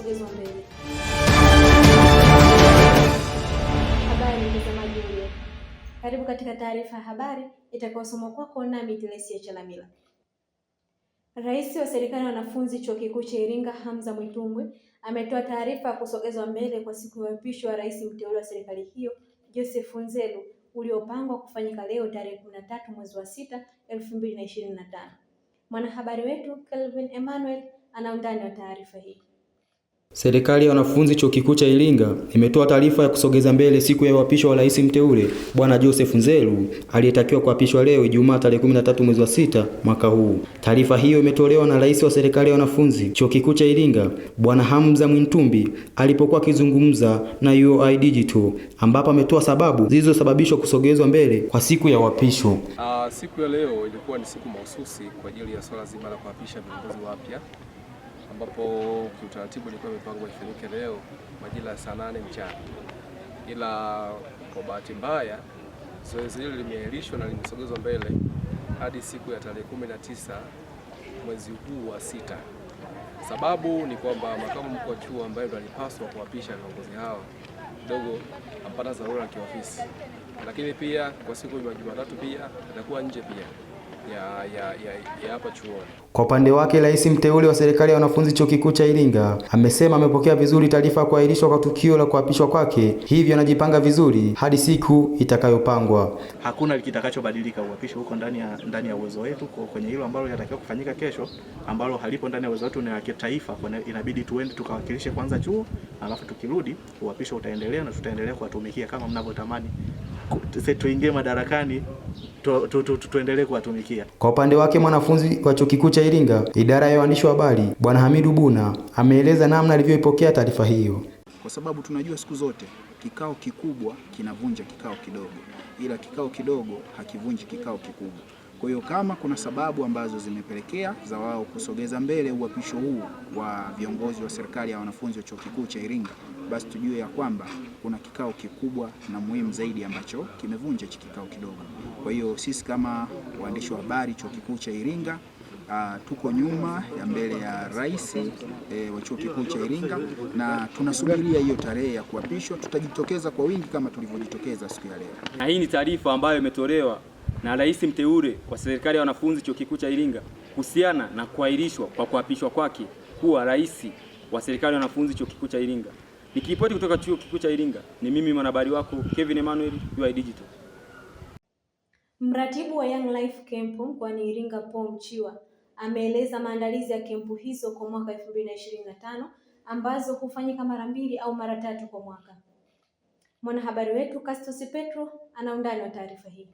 yanasogezwa mbele. Habari mtazamaji ulio karibu katika taarifa ya habari itakayosomwa kwako nami ya Chalamila. Rais wa serikali ya wanafunzi chuo kikuu cha Iringa Hamza Mwitumbwe ametoa taarifa ya kusogezwa mbele kwa siku ya uapisho wa rais mteule wa serikali hiyo Joseph Nzelu uliopangwa kufanyika leo tarehe kumi na tatu mwezi wa sita elfu mbili na ishirini na tano. Mwanahabari wetu Kelvin Emmanuel ana undani wa taarifa hii. Serikali ya wanafunzi chuo kikuu cha Iringa imetoa taarifa ya kusogeza mbele siku ya uapisho wa rais mteule Bwana Joseph Nzelu aliyetakiwa kuapishwa leo Ijumaa tarehe 13 mwezi wa sita mwaka huu. Taarifa hiyo imetolewa na rais wa serikali ya wanafunzi chuo kikuu cha Iringa Bwana Hamza Mwintumbi alipokuwa akizungumza na UoI Digital, ambapo ametoa sababu zilizosababishwa kusogezwa mbele kwa siku ya uapisho. Uh, siku ya leo ilikuwa ni siku mahususi kwa ajili ya swala zima la kuapisha viongozi wapya ambapo kiutaratibu ilikuwa imepangwa ifanyike leo majira ya saa nane mchana, ila kwa bahati mbaya zoezi hilo limeahirishwa na limesogezwa mbele hadi siku ya tarehe kumi na tisa mwezi huu wa sita. Sababu ni kwamba makamu mkuu wa chuo ambaye ndo alipaswa kuwapisha viongozi hawa kidogo ampata dharura ya kiofisi, lakini pia kwa siku ya Jumatatu pia atakuwa nje pia ya, ya, ya, ya hapa chuoni. Kwa upande wake, rais mteule wa serikali ya wanafunzi chuo kikuu cha Iringa amesema amepokea vizuri taarifa ya kuahirishwa kwa tukio la kuapishwa kwake, hivyo anajipanga vizuri hadi siku itakayopangwa. Hakuna kitakachobadilika, uapisho huko ndani ya ndani ya uwezo wetu. Kwenye hilo ambalo linatakiwa kufanyika kesho, ambalo halipo ndani ya uwezo wetu na kitaifa, inabidi tuende tukawakilishe kwanza chuo, alafu tukirudi uapisho utaendelea na tutaendelea kuwatumikia kama mnavyotamani tuingie madarakani tu, tu, tu, tuendelee kuwatumikia. Kwa upande wake mwanafunzi wa Chuo Kikuu cha Iringa, idara ya waandishi wa habari, Bwana Hamidu Buna ameeleza namna alivyoipokea taarifa hiyo. Kwa sababu tunajua siku zote kikao kikubwa kinavunja kikao kidogo, ila kikao kidogo hakivunji kikao kikubwa. Kwa hiyo kama kuna sababu ambazo zimepelekea za wao kusogeza mbele uapisho huu wa viongozi wa serikali ya wanafunzi wa Chuo Kikuu cha Iringa basi tujue ya kwamba kuna kikao kikubwa na muhimu zaidi ambacho kimevunja hichi kikao kidogo. Kwa hiyo sisi kama waandishi wa habari chuo kikuu cha Iringa Uh, tuko nyuma ya mbele ya rais e, wa chuo kikuu cha Iringa na tunasubiria hiyo tarehe ya kuapishwa. Tutajitokeza kwa wingi kama tulivyojitokeza siku ya leo, na hii ni taarifa ambayo imetolewa na rais mteule wa serikali ya wanafunzi chuo kikuu cha Iringa kuhusiana na kuahirishwa kwa kuapishwa kwake kuwa rais wa serikali ya wanafunzi chuo kikuu cha Iringa. Nikiripoti kutoka chuo kikuu cha Iringa, ni mimi mwanahabari wako Kevin Emmanuel, UoI Digital. Mratibu wa Young Life Camp mkoani Iringa Paul Mchiwa ameeleza maandalizi ya kempu hizo kwa mwaka 2025 ambazo hufanyika mara mbili au mara tatu kwa mwaka. Mwanahabari wetu Castos Petro ana undani wa taarifa hii.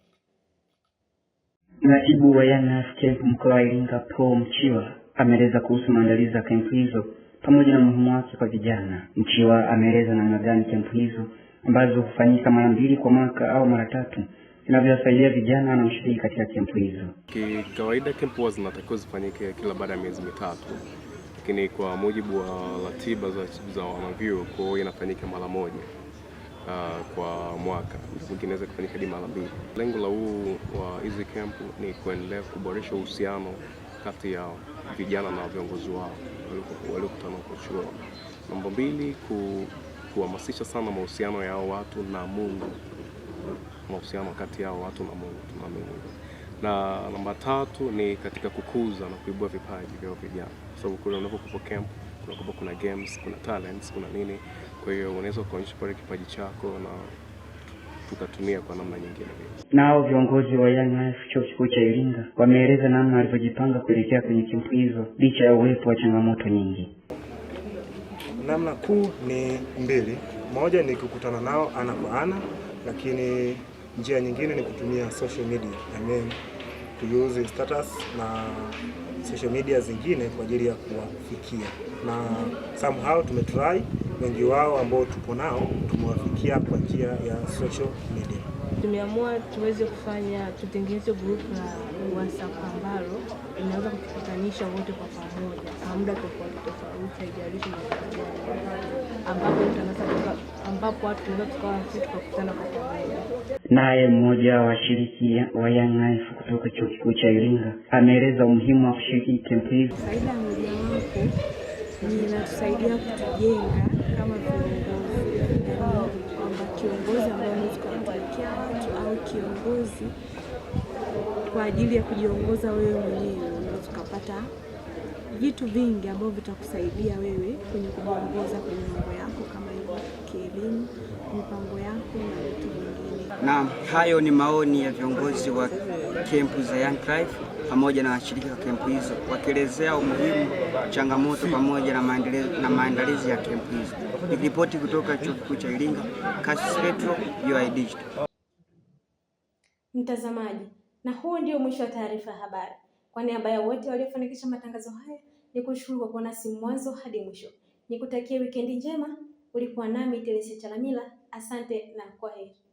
Mratibu wa Young Life Camp mkoa wa Iringa Paul Mchiwa ameeleza kuhusu maandalizi ya kempu hizo pamoja na umuhimu wake kwa vijana. Mchiwa ameeleza namna gani kampeni hizo ambazo hufanyika mara mbili kwa mwaka au mara tatu zinavyowasaidia vijana wanaoshiriki katika kempu hizo. Kikawaida kempu huwa zinatakiwa zifanyike kila baada ya miezi mitatu, lakini kwa mujibu wa ratiba za, za wanavyuo kwa inafanyika mara moja uh, kwa mwaka, mwingine inaweza kufanyika hadi mara mbili. Lengo la huu wa hizi kempu ni kuendelea kuboresha uhusiano kati ya vijana na viongozi wao waliokutana huko chuo. Namba mbili, ku, kuhamasisha sana mahusiano ya watu na Mungu, mahusiano kati yao watu na Mungu, na Mungu. Na namba tatu ni katika kukuza na kuibua vipaji vya vijana, kwa sababu kule unapokuwa camp kuna kuna games, kuna talents, kuna nini, kwa hiyo unaweza ukaonyesha pale kipaji chako na tukatumia kwa namna nyingine. Nao viongozi wa Young Life chuo kikuu cha Iringa wameeleza namna walivyojipanga kuelekea kwenye kimpu hizo licha ya uwepo wa changamoto nyingi. Namna kuu ni mbili, moja ni kukutana nao ana kwa ana, lakini njia nyingine ni kutumia social media I mean, use status na social media zingine kwa ajili ya kuwafikia na somehow tumetry wengi wao ambao tupo nao tumewafikia kwa njia ya social media. Tumeamua tuweze kufanya tutengeneze group la WhatsApp ambalo inaweza kutukutanisha wote kwa pamoja kwa muda tofauti tofauti, haijalishi ambapo ambapo watu tunaweza tukawa tukakutana kwa pamoja. Naye mmoja wa washiriki wa Young Life kutoka chuo kikuu cha Iringa ameeleza umuhimu wa kushiriki kempu hizi. Faida mojawapo inatusaidia kutujenga kama viongozi kwamba kiongozi ambaye anaweza kuwatumikia watu au kiongozi kwa ajili ya kujiongoza wewe mwenyewe, tukapata vitu vingi ambavyo vitakusaidia wewe kwenye kujiongoza kwenye mambo yako kama hivyo, kielimu, mipango yako na vitu vingine. Naam, hayo ni maoni ya viongozi wa kempu za Young Life pamoja na washiriki wa kempu hizo wakielezea umuhimu, changamoto pamoja na maendeleo na maandalizi ya kempu hizo. Nikiripoti kutoka Chuo Kikuu cha Iringa, Cassius Petro, UoI Digital. Mtazamaji, na huo ndio mwisho wa taarifa ya habari. Kwa niaba ya wote waliofanikisha matangazo haya, ni kushukuru kwa kuwa nasi mwanzo hadi mwisho. Nikutakia wikendi njema. Ulikuwa nami Teresa Chalamila, asante na kwaheri.